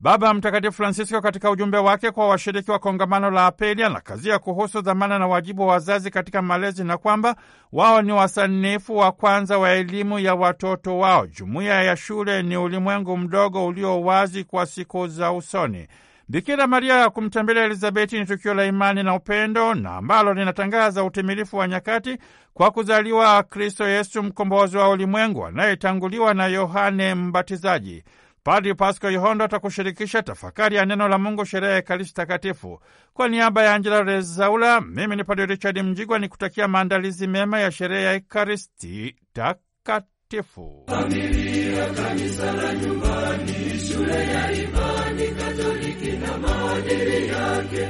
Baba Mtakatifu Francisco katika ujumbe wake kwa washiriki wa kongamano la Apeli anakazia kuhusu dhamana na wajibu wa wazazi katika malezi na kwamba wao ni wasanifu wa kwanza wa elimu ya watoto wao. Jumuiya ya shule ni ulimwengu mdogo ulio wazi kwa siku za usoni. Bikira Maria ya kumtembelea Elizabeti ni tukio la imani na upendo na ambalo linatangaza utimilifu wa nyakati kwa kuzaliwa Kristo Yesu, mkombozi wa ulimwengu, anayetanguliwa na Yohane Mbatizaji. Padri Pasko Yohondo atakushirikisha tafakari ya neno la Mungu, sherehe ya Ekaristi Takatifu. Kwa niaba ya Angela Rezaula, mimi ni Padri Richard Mjigwa ni kutakia maandalizi mema ya sherehe ya Ekaristi Takatifu. Familia, kanisa la nyumbani, shule ya imani Katoliki na maadili yake,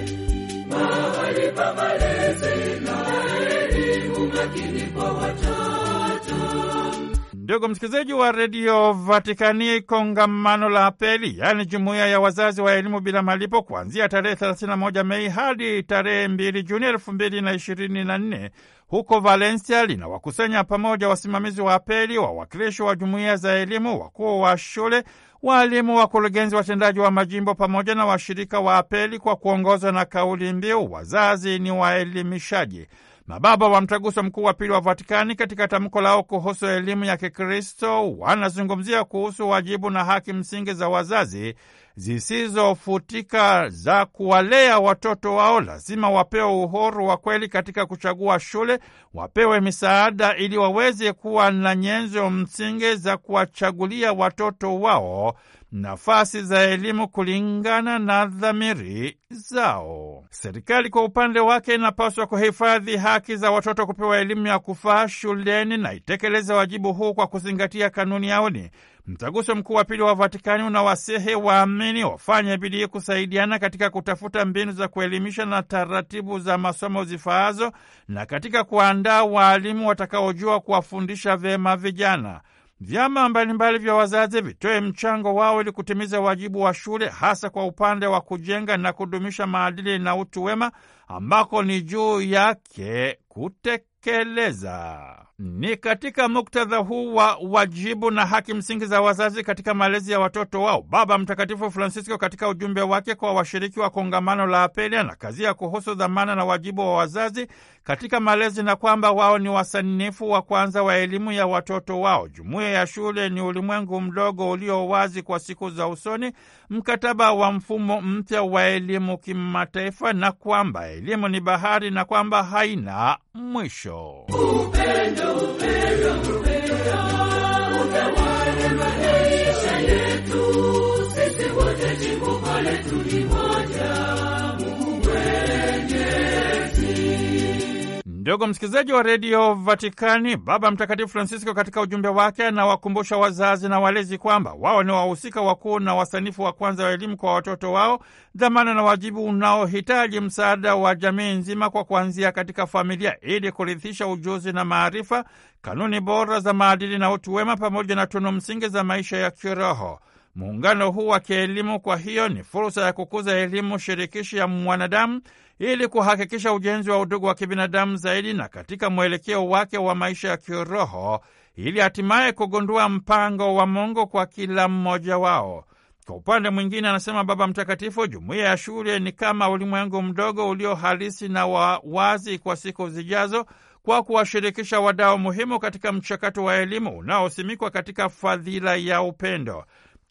mahali pa malezi na elimu makini kwa watoto Ndugu msikilizaji wa redio Vatikani, kongamano la APELI yaani jumuiya ya wazazi wa elimu bila malipo kuanzia tarehe 31 Mei hadi tarehe 2 Juni 2024 huko Valencia linawakusanya pamoja wasimamizi wa APELI, wawakilishi wa jumuiya za elimu, wakuu wa shule, waalimu, wakurugenzi watendaji wa majimbo pamoja na washirika wa APELI kwa kuongozwa na kauli mbiu wazazi ni waelimishaji. Mababa wa Mtaguso Mkuu wa Pili wa Vatikani katika tamko lao kuhusu elimu ya Kikristo wanazungumzia kuhusu wajibu na haki msingi za wazazi zisizofutika za kuwalea watoto wao. Lazima wapewe uhuru wa kweli katika kuchagua shule, wapewe misaada ili waweze kuwa na nyenzo msingi za kuwachagulia watoto wao nafasi za elimu kulingana na dhamiri zao. Serikali kwa upande wake inapaswa kuhifadhi haki za watoto kupewa elimu ya kufaa shuleni na itekeleze wajibu huu kwa kuzingatia kanuni yaoni. Mtaguso Mkuu wa Pili wa Vatikani unawasihi waamini wafanye bidii kusaidiana katika kutafuta mbinu za kuelimisha na taratibu za masomo zifaazo na katika kuandaa waalimu watakaojua kuwafundisha vyema vijana vyama mbalimbali vya wazazi vitoe mchango wao ili kutimiza wajibu wa shule, hasa kwa upande wa kujenga na kudumisha maadili na utu wema, ambako ni juu yake kutekeleza ni katika muktadha huu wa wajibu na haki msingi za wazazi katika malezi ya watoto wao, Baba Mtakatifu Francisco katika ujumbe wake kwa washiriki wa kongamano la Apeli anakazia kuhusu dhamana na wajibu wa wazazi katika malezi na kwamba wao ni wasanifu wa kwanza wa elimu ya watoto wao. Jumuiya ya shule ni ulimwengu mdogo ulio wazi kwa siku za usoni, mkataba wa mfumo mpya wa elimu kimataifa, na kwamba elimu ni bahari na kwamba haina mwisho Upendo. Eu pegando Ndugu msikilizaji wa redio Vatikani, Baba Mtakatifu Francisco katika ujumbe wake anawakumbusha wazazi na walezi kwamba wao ni wahusika wakuu na wasanifu wa kwanza wa elimu kwa watoto wao, dhamana na wajibu unaohitaji msaada wa jamii nzima kwa kuanzia katika familia, ili kurithisha ujuzi na maarifa, kanuni bora za maadili na utu wema, pamoja na tunu msingi za maisha ya kiroho. Muungano huu wa kielimu kwa hiyo ni fursa ya kukuza elimu shirikishi ya mwanadamu ili kuhakikisha ujenzi wa udugu wa kibinadamu zaidi na katika mwelekeo wake wa maisha ya kiroho ili hatimaye kugundua mpango wa Mungu kwa kila mmoja wao. Kwa upande mwingine, anasema Baba Mtakatifu, jumuiya ya shule ni kama ulimwengu mdogo ulio halisi na wa wazi kwa siku zijazo kwa kuwashirikisha wadau muhimu katika mchakato wa elimu unaosimikwa katika fadhila ya upendo.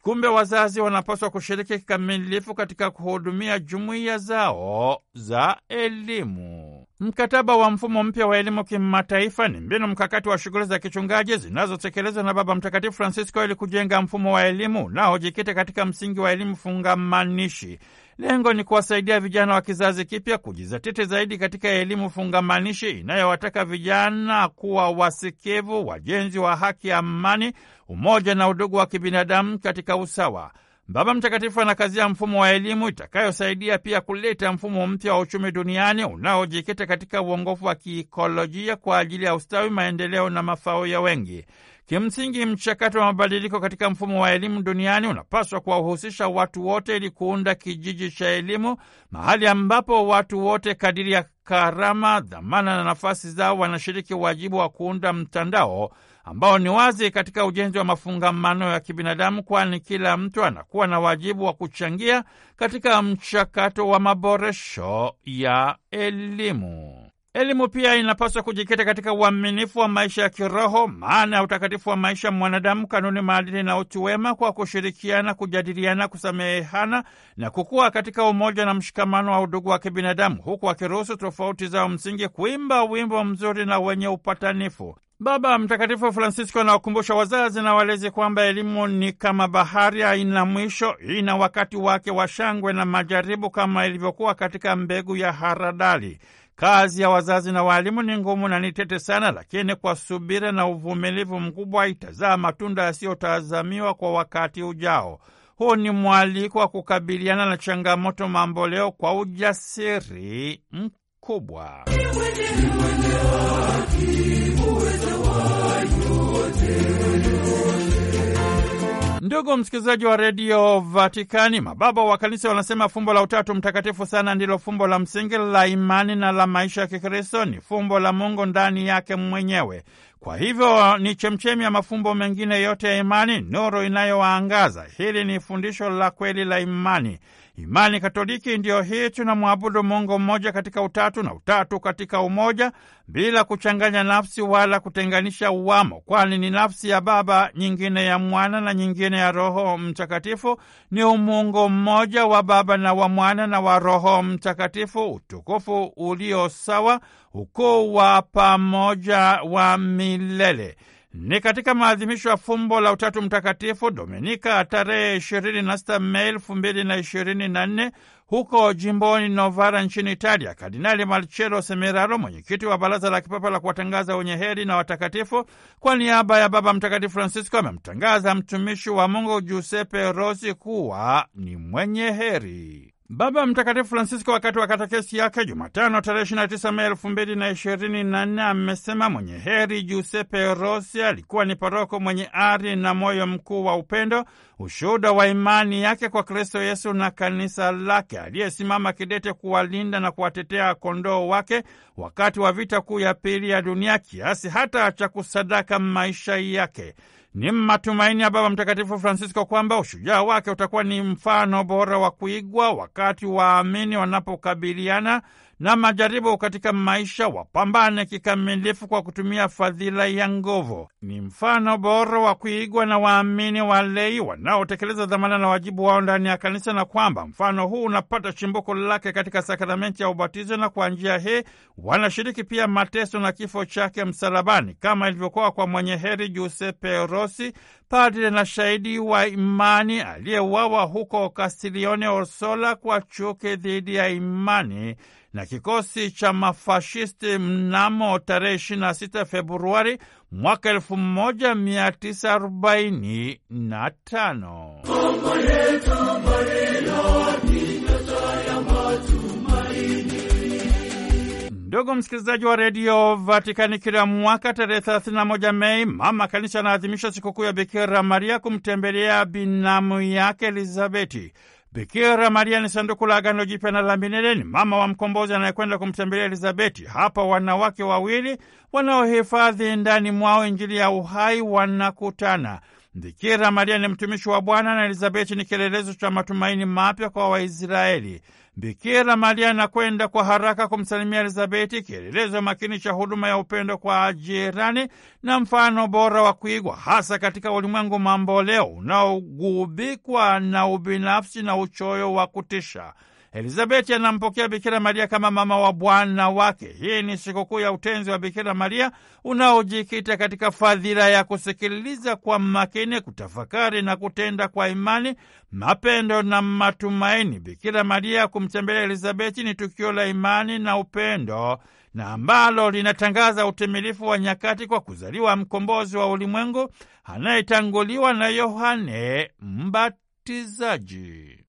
Kumbe wazazi wanapaswa kushiriki kikamilifu katika kuhudumia jumuiya zao za elimu. Mkataba wa mfumo mpya wa elimu kimataifa ni mbinu mkakati wa shughuli za kichungaji zinazotekelezwa na Baba Mtakatifu Francisco ili kujenga mfumo wa elimu unaojikita katika msingi wa elimu fungamanishi. Lengo ni kuwasaidia vijana wa kizazi kipya kujizatiti zaidi katika elimu fungamanishi inayowataka vijana kuwa wasikivu, wajenzi wa haki, amani, umoja na udugu wa kibinadamu katika usawa. Baba Mtakatifu anakazia mfumo wa elimu itakayosaidia pia kuleta mfumo mpya wa uchumi duniani unaojikita katika uongofu wa kiikolojia kwa ajili ya ustawi, maendeleo na mafao ya wengi. Kimsingi, mchakato wa mabadiliko katika mfumo wa elimu duniani unapaswa kuwahusisha watu wote ili kuunda kijiji cha elimu, mahali ambapo watu wote kadiri ya karama, dhamana na nafasi zao wanashiriki wajibu wa kuunda mtandao ambao ni wazi katika ujenzi wa mafungamano ya kibinadamu, kwani kila mtu anakuwa na wajibu wa kuchangia katika mchakato wa maboresho ya elimu. Elimu pia inapaswa kujikita katika uaminifu wa maisha ya kiroho, maana ya utakatifu wa maisha mwanadamu, kanuni, maadili na utu wema, kwa kushirikiana, kujadiliana, kusamehana na kukua katika umoja na mshikamano wa udugu wa kibinadamu, huku akiruhusu tofauti zao msingi kuimba wimbo mzuri na wenye upatanifu. Baba Mtakatifu Francisco anawakumbusha wazazi na walezi kwamba elimu ni kama bahari, haina mwisho, ina wakati wake wa shangwe na majaribu, kama ilivyokuwa katika mbegu ya haradali. Kazi ya wazazi na waalimu ni ngumu na ni tete sana, lakini kwa subira na uvumilivu mkubwa itazaa matunda yasiyotazamiwa kwa wakati ujao. Huu ni mwaliko wa kukabiliana na changamoto mamboleo kwa ujasiri mkubwa. Ndugu msikilizaji wa redio Vatikani, mababa wa kanisa wanasema fumbo la Utatu Mtakatifu sana ndilo fumbo la msingi la imani na la maisha ya Kikristo. Ni fumbo la Mungu ndani yake mwenyewe, kwa hivyo ni chemchemi ya mafumbo mengine yote ya imani, nuru inayowaangaza. Hili ni fundisho la kweli la imani. Imani Katoliki ndiyo hii, tunamwabudu Mungu mmoja katika utatu na utatu katika umoja, bila kuchanganya nafsi wala kutenganisha uwamo, kwani ni nafsi ya Baba, nyingine ya Mwana na nyingine ya Roho Mtakatifu. Ni umungu mmoja wa Baba na wa Mwana na wa Roho Mtakatifu, utukufu ulio sawa, ukuu wa pamoja wa milele. Ni katika maadhimisho ya fumbo la Utatu Mtakatifu Dominika tarehe 26 Mei 2024 huko jimboni Novara nchini Italia, Kardinali Marcello Semeraro, mwenyekiti wa Baraza la Kipapa la kuwatangaza wenye heri na watakatifu, kwa niaba ya Baba Mtakatifu Francisco amemtangaza mtumishi wa Mungu Giuseppe Rossi kuwa ni mwenye heri. Baba Mtakatifu Francisco wakati wa katekesi yake Jumatano tarehe 29 Mei elfu mbili na ishirini na nne amesema mwenye heri Giuseppe Rossi alikuwa ni paroko mwenye ari na moyo mkuu wa upendo, ushuhuda wa imani yake kwa Kristo Yesu na kanisa lake, aliyesimama kidete kuwalinda na kuwatetea kondoo wake wakati wa vita kuu ya pili ya dunia, kiasi hata cha kusadaka maisha yake. Ni matumaini ya Baba Mtakatifu Francisco kwamba ushujaa wake utakuwa ni mfano bora wa kuigwa wakati waamini wanapokabiliana na majaribu katika maisha, wapambane kikamilifu kwa kutumia fadhila ya nguvu. Ni mfano bora wa kuigwa na waamini walei wanaotekeleza dhamana na wajibu wao ndani ya kanisa, na kwamba mfano huu unapata chimbuko lake katika sakramenti ya ubatizo, na kwa njia hii wanashiriki pia mateso na kifo chake msalabani, kama ilivyokuwa kwa mwenye heri Giuseppe Rossi, padre na shahidi wa imani aliyeuawa huko Kastilione Orsola kwa chuki dhidi ya imani na kikosi cha mafashisti mnamo tarehe 26 Februari mwaka 1945. Ndugu msikilizaji wa redio Vatikani, kila mwaka tarehe 31 Mei mama kanisa anaadhimisha sikukuu ya Bikira Maria kumtembelea binamu yake Elizabeti. Bikira Maria ni sanduku la Agano Jipya na la milele, ni mama wa mkombozi anayekwenda kumtembelea Elizabeti. Hapa wanawake wawili wanaohifadhi ndani mwao Injili ya uhai wanakutana. Bikira Maria ni mtumishi wa Bwana na Elizabeti ni kielelezo cha matumaini mapya kwa Waisraeli. Bikira Maria anakwenda kwa haraka kumsalimia Elizabeti, kielelezo makini cha huduma ya upendo kwa jirani na mfano bora wa kuigwa hasa katika ulimwengu mamboleo unaogubikwa na ubinafsi na uchoyo wa kutisha. Elizabeti anampokea Bikira Maria kama mama wa Bwana wake. Hii ni sikukuu ya utenzi wa Bikira Maria unaojikita katika fadhila ya kusikiliza kwa makini, kutafakari na kutenda kwa imani, mapendo na matumaini. Bikira Maria kumtembelea Elizabeti ni tukio la imani na upendo na ambalo linatangaza utimilifu wa nyakati kwa kuzaliwa mkombozi wa ulimwengu anayetanguliwa na Yohane Mbatizaji.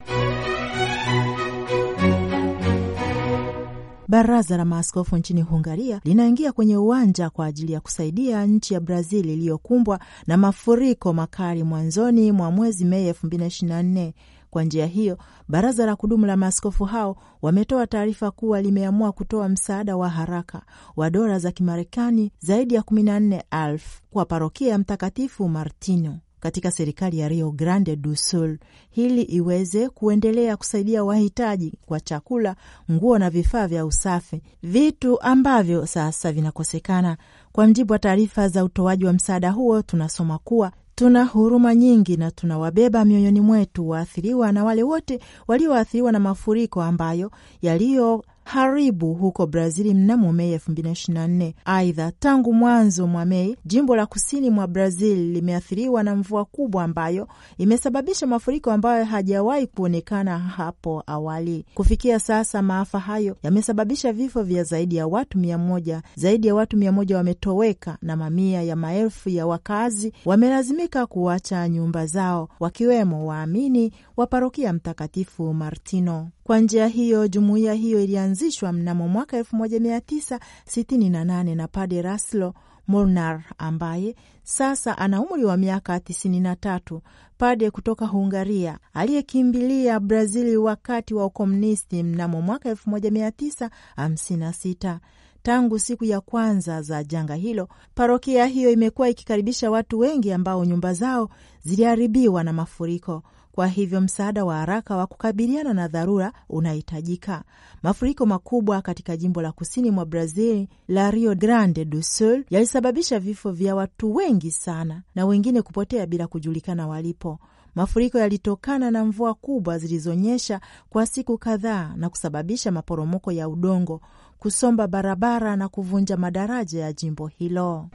Baraza la maaskofu nchini Hungaria linaingia kwenye uwanja kwa ajili ya kusaidia nchi ya Brazil iliyokumbwa na mafuriko makali mwanzoni mwa mwezi Mei 2024. Kwa njia hiyo, baraza la kudumu la maaskofu hao wametoa taarifa kuwa limeamua kutoa msaada wa haraka wa dola za Kimarekani zaidi ya 14,000 kwa parokia ya Mtakatifu Martino katika serikali ya Rio Grande do Sul ili iweze kuendelea kusaidia wahitaji kwa chakula, nguo na vifaa vya usafi, vitu ambavyo sasa vinakosekana. Kwa mjibu wa taarifa za utoaji wa msaada huo, tunasoma kuwa tuna huruma nyingi na tunawabeba mioyoni mwetu waathiriwa na wale wote walioathiriwa na mafuriko ambayo yaliyo haribu huko Brazil mnamo Mei 2024. Aidha, tangu mwanzo mwa Mei, jimbo la kusini mwa Brazil limeathiriwa na mvua kubwa ambayo imesababisha mafuriko ambayo hajawahi kuonekana hapo awali. Kufikia sasa, maafa hayo yamesababisha vifo vya zaidi ya watu mia moja. Zaidi ya watu mia moja wametoweka na mamia ya maelfu ya wakazi wamelazimika kuacha nyumba zao, wakiwemo waamini wa parokia Mtakatifu Martino. Kwa njia hiyo jumuiya hiyo ilianzishwa mnamo mwaka 1968 na Pade Raslo Molnar ambaye sasa ana umri wa miaka 93, pade kutoka Hungaria aliyekimbilia Brazili wakati wa ukomunisti mnamo mwaka 1956. Tangu siku ya kwanza za janga hilo, parokia hiyo imekuwa ikikaribisha watu wengi ambao nyumba zao ziliharibiwa na mafuriko. Kwa hivyo msaada wa haraka wa kukabiliana na dharura unahitajika. Mafuriko makubwa katika jimbo la kusini mwa Brazil la Rio Grande do Sul yalisababisha vifo vya watu wengi sana na wengine kupotea bila kujulikana walipo. Mafuriko yalitokana na mvua kubwa zilizonyesha kwa siku kadhaa na kusababisha maporomoko ya udongo, kusomba barabara na kuvunja madaraja ya jimbo hilo.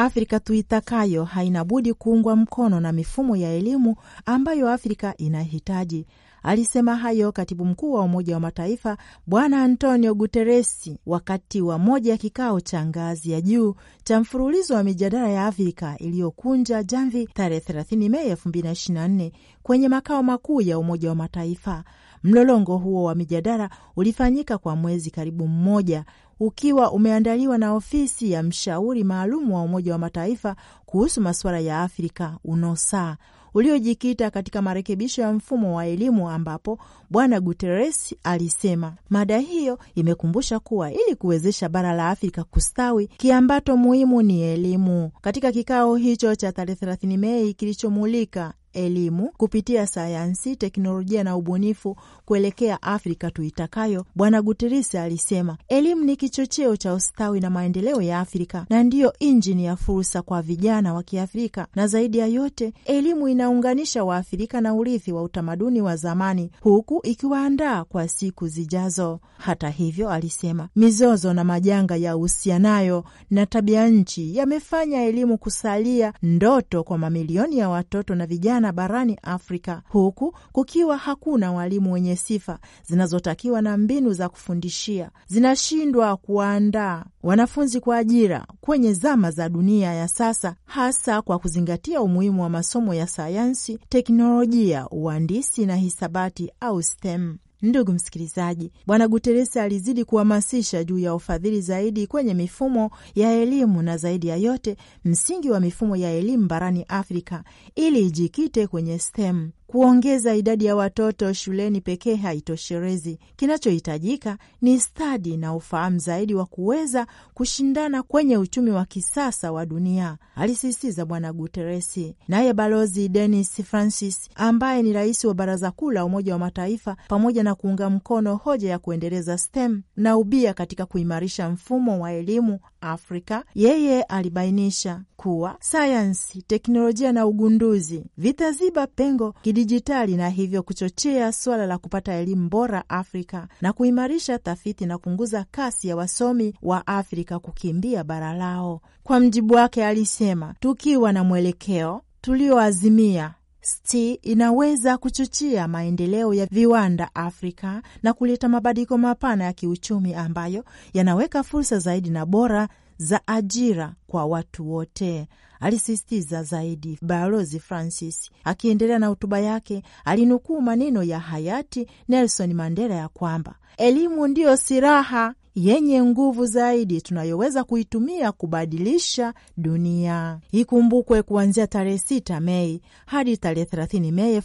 Afrika tuitakayo haina budi kuungwa mkono na mifumo ya elimu ambayo Afrika inahitaji. Alisema hayo katibu mkuu wa Umoja wa Mataifa Bwana Antonio Guteresi wakati wa moja ya kikao cha ngazi ya juu cha mfululizo wa mijadala ya Afrika iliyokunja jamvi tarehe 30 Mei 2024 kwenye makao makuu ya Umoja wa Mataifa. Mlolongo huo wa mijadala ulifanyika kwa mwezi karibu mmoja ukiwa umeandaliwa na ofisi ya mshauri maalum wa Umoja wa Mataifa kuhusu masuala ya Afrika UNOSA uliojikita katika marekebisho ya mfumo wa elimu ambapo Bwana Guterres alisema mada hiyo imekumbusha kuwa ili kuwezesha bara la Afrika kustawi, kiambato muhimu ni elimu. Katika kikao hicho cha tarehe 30 Mei kilichomulika elimu kupitia sayansi, teknolojia na ubunifu kuelekea Afrika tuitakayo, Bwana Guterres alisema elimu ni kichocheo cha ustawi na maendeleo ya Afrika na ndiyo injini ya fursa kwa vijana wa Kiafrika, na zaidi ya yote elimu inaunganisha Waafrika na urithi wa utamaduni wa zamani, huku ikiwaandaa kwa siku zijazo. Hata hivyo, alisema mizozo na majanga ya uhusianayo na tabia nchi yamefanya elimu kusalia ndoto kwa mamilioni ya watoto na vijana sana barani Afrika, huku kukiwa hakuna walimu wenye sifa zinazotakiwa na mbinu za kufundishia zinashindwa kuwaandaa wanafunzi kwa ajira kwenye zama za dunia ya sasa, hasa kwa kuzingatia umuhimu wa masomo ya sayansi, teknolojia, uhandisi na hisabati au STEM. Ndugu msikilizaji, Bwana Guteresi alizidi kuhamasisha juu ya ufadhili zaidi kwenye mifumo ya elimu na zaidi ya yote msingi wa mifumo ya elimu barani Afrika ili ijikite kwenye STEM Kuongeza idadi ya watoto shuleni pekee haitosherezi. Kinachohitajika ni stadi na ufahamu zaidi wa kuweza kushindana kwenye uchumi wa kisasa wa dunia, alisisitiza Bwana Guteresi. Naye Balozi Denis Francis, ambaye ni rais wa Baraza Kuu la Umoja wa Mataifa, pamoja na kuunga mkono hoja ya kuendeleza STEM na ubia katika kuimarisha mfumo wa elimu Afrika, yeye alibainisha kuwa sayansi, teknolojia na ugunduzi vitaziba pengo kidijitali na hivyo kuchochea suala la kupata elimu bora Afrika na kuimarisha tafiti na kupunguza kasi ya wasomi wa Afrika kukimbia bara lao. Kwa mjibu wake alisema, tukiwa na mwelekeo tulioazimia sti inaweza kuchochea maendeleo ya viwanda Afrika na kuleta mabadiliko mapana ya kiuchumi ambayo yanaweka fursa zaidi na bora za ajira kwa watu wote, alisisitiza zaidi Balozi Francis. Akiendelea na hotuba yake, alinukuu maneno ya hayati Nelson Mandela ya kwamba elimu ndiyo silaha yenye nguvu zaidi tunayoweza kuitumia kubadilisha dunia. Ikumbukwe kuanzia tarehe 6 Mei hadi tarehe 30 Mei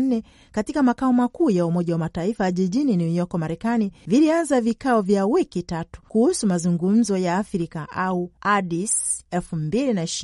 nne katika makao makuu ya Umoja wa Mataifa jijini New York, Marekani, vilianza vikao vya wiki tatu kuhusu mazungumzo ya Afrika au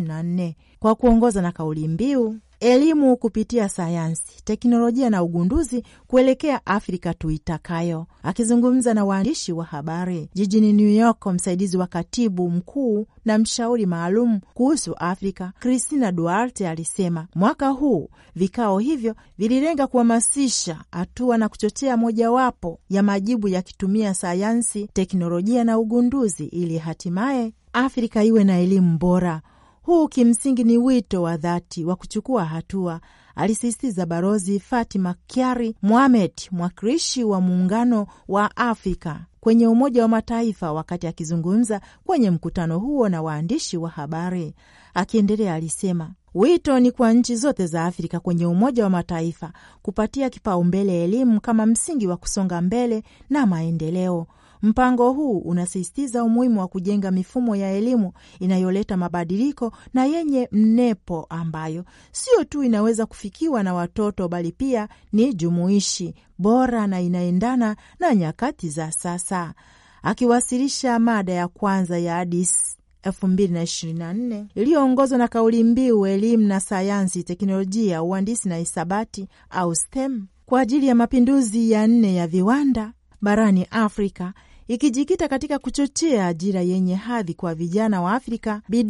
na nne kwa kuongoza na kauli mbiu elimu kupitia sayansi, teknolojia na ugunduzi kuelekea Afrika tuitakayo. Akizungumza na waandishi wa habari jijini New York, msaidizi wa katibu mkuu na mshauri maalum kuhusu Afrika Christina Duarte alisema mwaka huu vikao hivyo vililenga kuhamasisha hatua na kuchochea mojawapo ya majibu yakitumia sayansi, teknolojia na ugunduzi ili hatimaye Afrika iwe na elimu bora huu kimsingi ni wito wa dhati wa kuchukua hatua, alisisitiza Barozi Fatima Kyari Mohamed, mwakilishi wa Muungano wa Afrika kwenye Umoja wa Mataifa, wakati akizungumza kwenye mkutano huo na waandishi wa habari. Akiendelea alisema wito ni kwa nchi zote za Afrika kwenye Umoja wa Mataifa kupatia kipaumbele elimu kama msingi wa kusonga mbele na maendeleo Mpango huu unasisitiza umuhimu wa kujenga mifumo ya elimu inayoleta mabadiliko na yenye mnepo ambayo sio tu inaweza kufikiwa na watoto bali pia ni jumuishi, bora na inaendana na nyakati za sasa. Akiwasilisha mada ya kwanza ya Addis 2024 iliyoongozwa na kauli mbiu elimu na sayansi, teknolojia, uhandisi na hisabati au STEM kwa ajili ya mapinduzi ya nne ya viwanda barani Afrika ikijikita katika kuchochea ajira yenye hadhi kwa vijana wa Afrika. Bi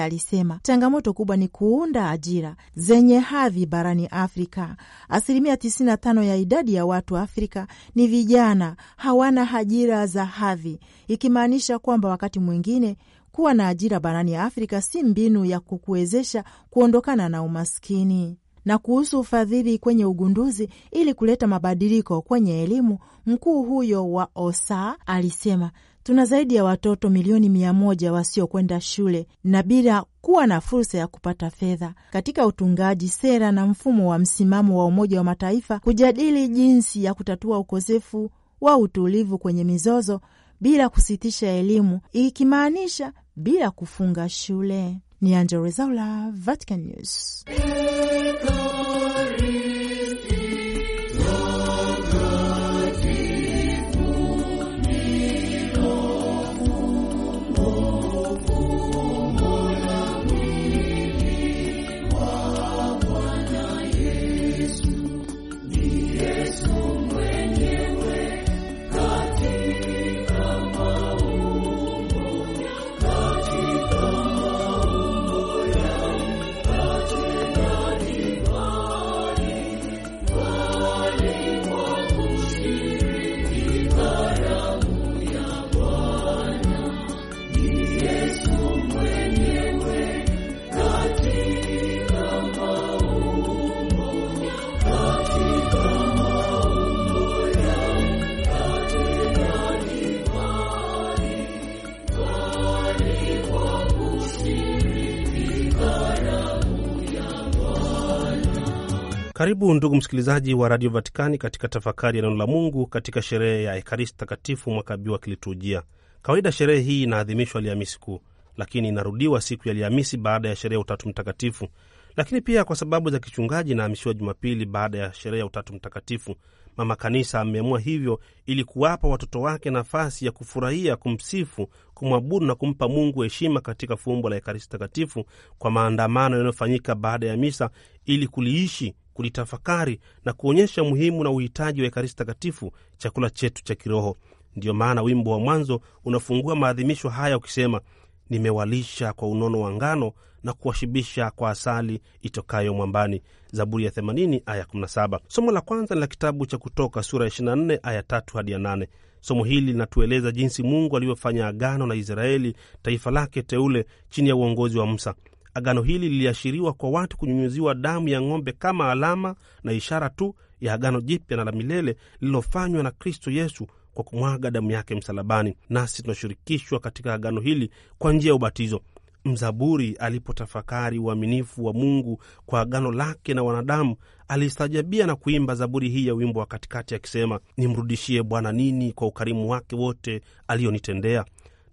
alisema changamoto kubwa ni kuunda ajira zenye hadhi barani Afrika. Asilimia 95 ya idadi ya watu Afrika ni vijana, hawana ajira za hadhi, ikimaanisha kwamba wakati mwingine kuwa na ajira barani Afrika si mbinu ya kukuwezesha kuondokana na umaskini na kuhusu ufadhili kwenye ugunduzi ili kuleta mabadiliko kwenye elimu. Mkuu huyo wa OSA alisema tuna zaidi ya watoto milioni mia moja wasiokwenda shule na bila kuwa na fursa ya kupata fedha. Katika utungaji sera na mfumo wa msimamo wa Umoja wa Mataifa kujadili jinsi ya kutatua ukosefu wa utulivu kwenye mizozo bila kusitisha elimu, ikimaanisha bila kufunga shule. Ni Angela Vatican News. Karibu ndugu msikilizaji wa Radio Vatikani katika tafakari ya neno la Mungu katika sherehe ya Ekaristi Takatifu mwaka B wa kiliturujia. Kawaida sherehe hii inaadhimishwa Alhamisi Kuu, lakini inarudiwa siku ya Alhamisi baada ya sherehe ya Utatu Mtakatifu, lakini pia kwa sababu za kichungaji inahamishiwa Jumapili baada ya sherehe ya Utatu Mtakatifu. Mama Kanisa ameamua hivyo ili kuwapa watoto wake nafasi ya kufurahia, kumsifu, kumwabudu na kumpa Mungu heshima katika fumbo la Ekaristi Takatifu, kwa maandamano yanayofanyika baada ya misa ili kuliishi kulitafakari na kuonyesha umuhimu na uhitaji wa Ekaristi Takatifu, chakula chetu cha kiroho. Ndiyo maana wimbo wa mwanzo unafungua maadhimisho haya ukisema, nimewalisha kwa unono wa ngano na kuwashibisha kwa asali itokayo mwambani. Zaburi ya 80 aya 17. Somo la kwanza ni la kitabu cha Kutoka sura ya 24 aya 3 hadi 8. Somo hili linatueleza jinsi Mungu alivyofanya agano na Israeli, taifa lake teule, chini ya uongozi wa Musa. Agano hili liliashiriwa kwa watu kunyunyuziwa damu ya ng'ombe kama alama na ishara tu ya agano jipya na la milele lililofanywa na Kristo Yesu kwa kumwaga damu yake msalabani. Nasi tunashirikishwa katika agano hili kwa njia ya ubatizo. Mzaburi alipotafakari uaminifu wa Mungu kwa agano lake na wanadamu, alistajabia na kuimba zaburi hii ya wimbo wa katikati akisema, nimrudishie Bwana nini kwa ukarimu wake wote aliyonitendea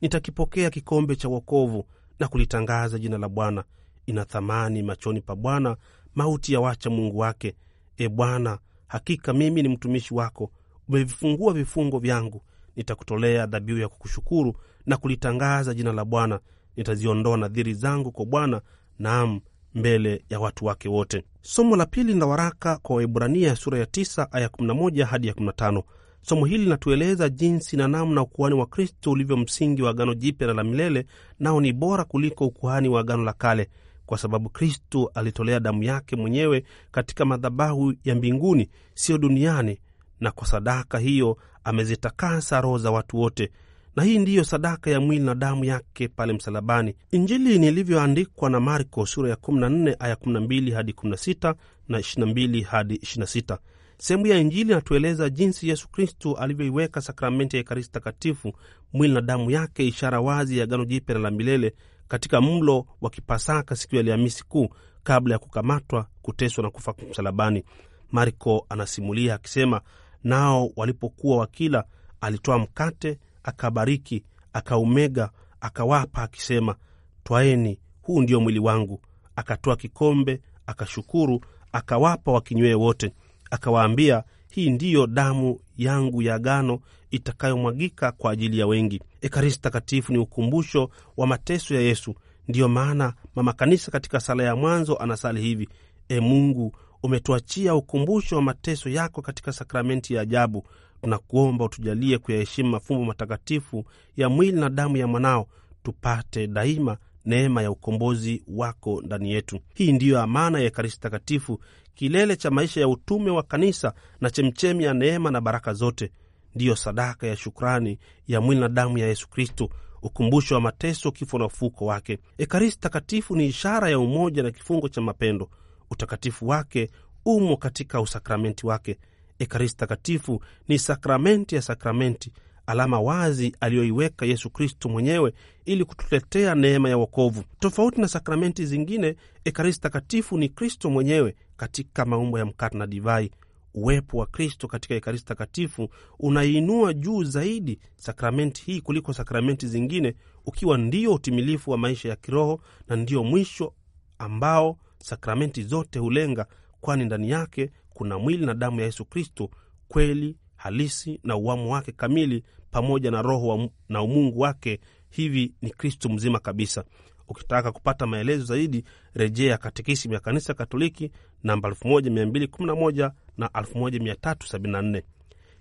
Nitakipokea kikombe cha wokovu na kulitangaza jina la Bwana. Ina thamani machoni pa Bwana mauti ya wacha Mungu wake. E Bwana, hakika mimi ni mtumishi wako, umevifungua vifungo vyangu. Nitakutolea dhabihu ya kukushukuru na kulitangaza jina la Bwana. Nitaziondoa nadhiri zangu kwa Bwana, naam mbele ya watu wake wote. Somo la pili na waraka kwa Waebrania sura ya 9 aya 11 hadi ya 15. Somo hili linatueleza jinsi na namna ukuhani wa Kristo ulivyo msingi wa agano jipya na la milele, nao ni bora kuliko ukuhani wa agano la kale, kwa sababu Kristo alitolea damu yake mwenyewe katika madhabahu ya mbinguni, siyo duniani, na kwa sadaka hiyo amezitakasa roho za watu wote na hii ndiyo sadaka ya mwili na damu yake pale msalabani. Injili nilivyoandikwa na Marko sura ya 14 aya 12 hadi 16 na 22 hadi 26. Sehemu ya Injili inatueleza jinsi Yesu Kristo alivyoiweka sakramenti ya Ekaristi Takatifu, mwili na damu yake, ishara wazi ya Agano Jipya na la milele, katika mlo wa Kipasaka siku ya Alhamisi Kuu, kabla ya kukamatwa, kuteswa na kufa msalabani. Marko anasimulia akisema, nao walipokuwa wakila, alitoa mkate, akabariki, akaumega, akawapa akisema, twaeni, huu ndio mwili wangu. Akatoa kikombe, akashukuru, akawapa wakinywee wote. Akawaambia, hii ndiyo damu yangu ya agano itakayomwagika kwa ajili ya wengi. Ekaristi takatifu ni ukumbusho wa mateso ya Yesu. Ndiyo maana Mama Kanisa katika sala ya mwanzo anasali hivi: E Mungu, umetuachia ukumbusho wa mateso yako katika sakramenti ya ajabu. Tunakuomba utujalie kuyaheshimu mafumbo matakatifu ya mwili na damu ya mwanao, tupate daima neema ya ukombozi wako ndani yetu. Hii ndiyo amana ya Ekaristi Takatifu, kilele cha maisha ya utume wa kanisa na chemchemi ya neema na baraka zote. Ndiyo sadaka ya shukrani ya mwili na damu ya Yesu Kristo, ukumbusho wa mateso, kifo na ufuko wake. Ekaristi Takatifu ni ishara ya umoja na kifungo cha mapendo. Utakatifu wake umo katika usakramenti wake. Ekaristi Takatifu ni sakramenti ya sakramenti alama wazi aliyoiweka Yesu Kristo mwenyewe ili kutuletea neema ya wokovu. Tofauti na sakramenti zingine, Ekaristi Takatifu ni Kristo mwenyewe katika maumbo ya mkate na divai. Uwepo wa Kristo katika Ekaristi Takatifu unaiinua juu zaidi sakramenti hii kuliko sakramenti zingine, ukiwa ndio utimilifu wa maisha ya kiroho na ndiyo mwisho ambao sakramenti zote hulenga, kwani ndani yake kuna mwili na damu ya Yesu Kristo, kweli halisi na uwamu wake kamili pamoja na roho wa, na umungu wake. Hivi ni Kristu mzima kabisa. Ukitaka kupata maelezo zaidi, rejea Katekisimu ya Kanisa Katoliki namba 1211 na 1374.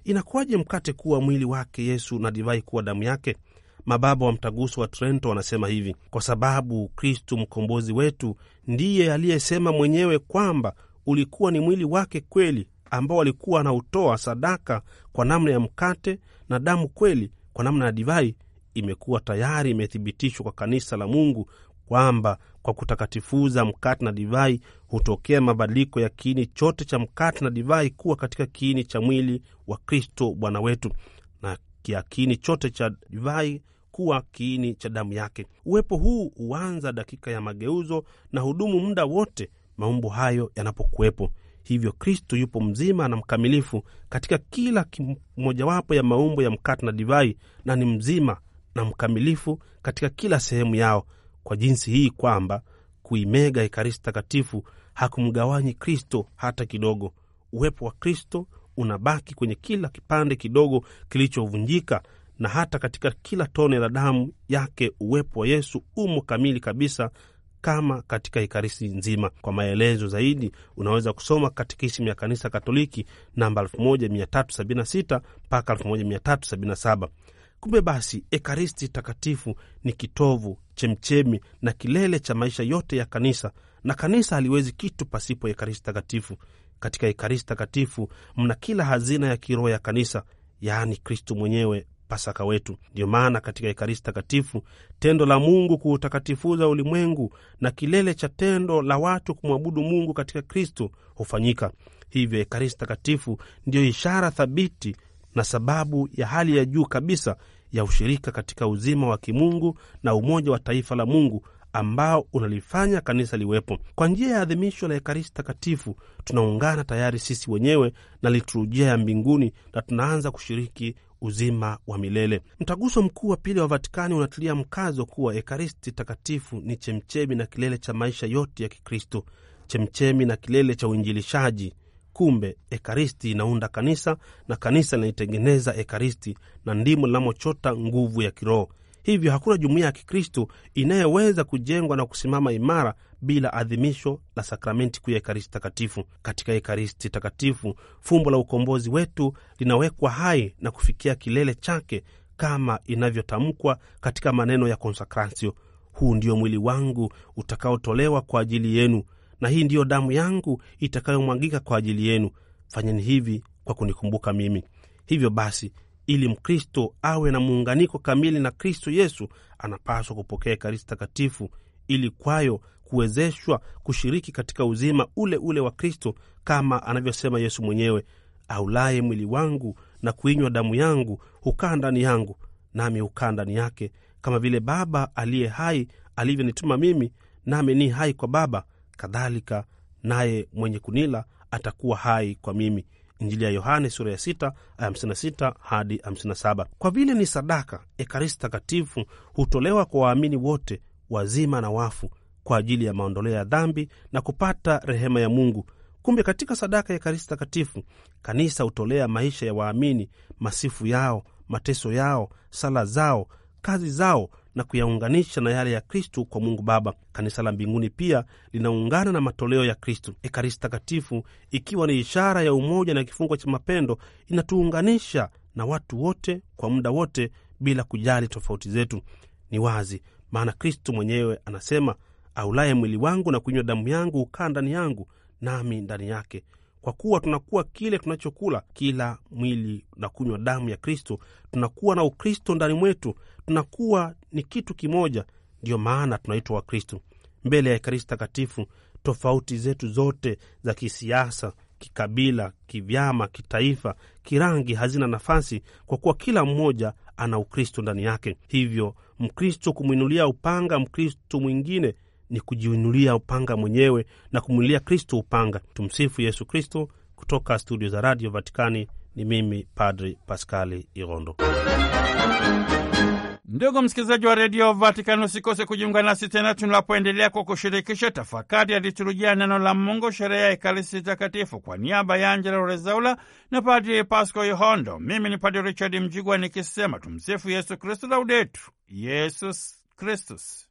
Inakuwaje mkate kuwa mwili wake Yesu na divai kuwa damu yake? Mababa wa mtaguso wa Trento wanasema hivi: kwa sababu Kristu mkombozi wetu ndiye aliyesema mwenyewe kwamba ulikuwa ni mwili wake kweli ambao walikuwa wanautoa sadaka kwa namna ya mkate na damu kweli kwa namna ya divai imekuwa tayari imethibitishwa kwa kanisa la Mungu kwamba kwa kutakatifuza mkate na divai hutokea mabadiliko ya kiini chote cha mkate na divai kuwa katika kiini cha mwili wa Kristo Bwana wetu na kia kiini chote cha divai kuwa kiini cha damu yake. Uwepo huu huanza dakika ya mageuzo na hudumu muda wote maumbo hayo yanapokuwepo. Hivyo Kristo yupo mzima na mkamilifu katika kila mojawapo ya maumbo ya mkate na divai, na ni mzima na mkamilifu katika kila sehemu yao, kwa jinsi hii kwamba kuimega Ekaristi Takatifu hakumgawanyi Kristo hata kidogo. Uwepo wa Kristo unabaki kwenye kila kipande kidogo kilichovunjika na hata katika kila tone la damu yake. Uwepo wa Yesu umo kamili kabisa kama katika Ekaristi nzima. Kwa maelezo zaidi, unaweza kusoma Katekisimu ya Kanisa Katoliki namba 1376 mpaka 1377. Kumbe basi Ekaristi takatifu ni kitovu, chemchemi na kilele cha maisha yote ya kanisa, na kanisa haliwezi kitu pasipo Ekaristi takatifu. Katika Ekaristi takatifu mna kila hazina ya kiroho ya kanisa, yaani Kristu mwenyewe Pasaka wetu. Ndiyo maana katika Ekaristi Takatifu, tendo la Mungu kuutakatifuza ulimwengu na kilele cha tendo la watu kumwabudu Mungu katika Kristo hufanyika hivyo. Ekaristi Takatifu ndiyo ishara thabiti na sababu ya hali ya juu kabisa ya ushirika katika uzima wa kimungu na umoja wa taifa la Mungu ambao unalifanya kanisa liwepo. Kwa njia ya adhimisho la Ekaristi Takatifu tunaungana tayari sisi wenyewe na liturujia ya mbinguni na tunaanza kushiriki uzima wa milele. Mtaguso Mkuu wa Pili wa Vatikani unatilia mkazo kuwa Ekaristi Takatifu ni chemchemi na kilele cha maisha yote ya Kikristo, chemchemi na kilele cha uinjilishaji. Kumbe Ekaristi inaunda kanisa na kanisa linaitengeneza Ekaristi na ndimo linamochota nguvu ya kiroho. Hivyo hakuna jumuiya ya Kikristo inayoweza kujengwa na kusimama imara bila adhimisho la sakramenti kuu ya Ekaristi Takatifu. Katika Ekaristi Takatifu, fumbo la ukombozi wetu linawekwa hai na kufikia kilele chake kama inavyotamkwa katika maneno ya konsakrasio: huu ndio mwili wangu utakaotolewa kwa ajili yenu, na hii ndiyo damu yangu itakayomwagika kwa ajili yenu, fanyeni hivi kwa kunikumbuka mimi. Hivyo basi ili Mkristo awe na muunganiko kamili na Kristo Yesu, anapaswa kupokea Ekaristi Takatifu ili kwayo kuwezeshwa kushiriki katika uzima ule ule wa Kristo, kama anavyosema Yesu mwenyewe, aulaye mwili wangu na kuinywa damu yangu hukaa ndani yangu, nami hukaa ndani yake, kama vile Baba aliye hai alivyonituma mimi, nami ni hai kwa Baba, kadhalika naye mwenye kunila atakuwa hai kwa mimi. Injili ya Yohane sura ya 6 aya 56 hadi 57. Kwa vile ni sadaka, Ekaristi Takatifu hutolewa kwa waamini wote, wazima na wafu, kwa ajili ya maondoleo ya dhambi na kupata rehema ya Mungu. Kumbe katika sadaka ya Ekaristi Takatifu, kanisa hutolea maisha ya waamini, masifu yao, mateso yao, sala zao, kazi zao na kuyaunganisha na yale ya Kristu kwa Mungu Baba. Kanisa la mbinguni pia linaungana na matoleo ya Kristu. Ekaristi Takatifu, ikiwa ni ishara ya umoja na kifungo cha mapendo, inatuunganisha na watu wote kwa muda wote bila kujali tofauti zetu. Ni wazi, maana Kristu mwenyewe anasema, aulaye mwili wangu na kunywa damu yangu hukaa ndani yangu, nami ndani yake. Kwa kuwa tunakuwa kile tunachokula, kila mwili na kunywa damu ya kristu tunakuwa na Ukristo ndani mwetu tunakuwa ni kitu kimoja. Ndiyo maana tunaitwa Wakristo. Mbele ya Ekaristi Takatifu, tofauti zetu zote za kisiasa, kikabila, kivyama, kitaifa, kirangi hazina nafasi, kwa kuwa kila mmoja ana Ukristo ndani yake. Hivyo Mkristo kumwinulia upanga Mkristo mwingine ni kujiinulia upanga mwenyewe na kumwinulia Kristo upanga. Tumsifu Yesu Kristo. Kutoka studio za Radio Vatikani ni mimi Padri Paskali Irondo. Ndugu msikilizaji wa redio Vatikani, usikose kujiunga nasi tena tunapoendelea kwa kushirikisha tafakari ya liturujia neno la Mungu, sherehe ya Ekaristi Takatifu. Kwa niaba ya Angela Rezaula na Padri Pasco Yohondo, mimi ni Padri Richard Mjigwa nikisema tumsifu Yesu Kristu, laudetu Yesus Kristus.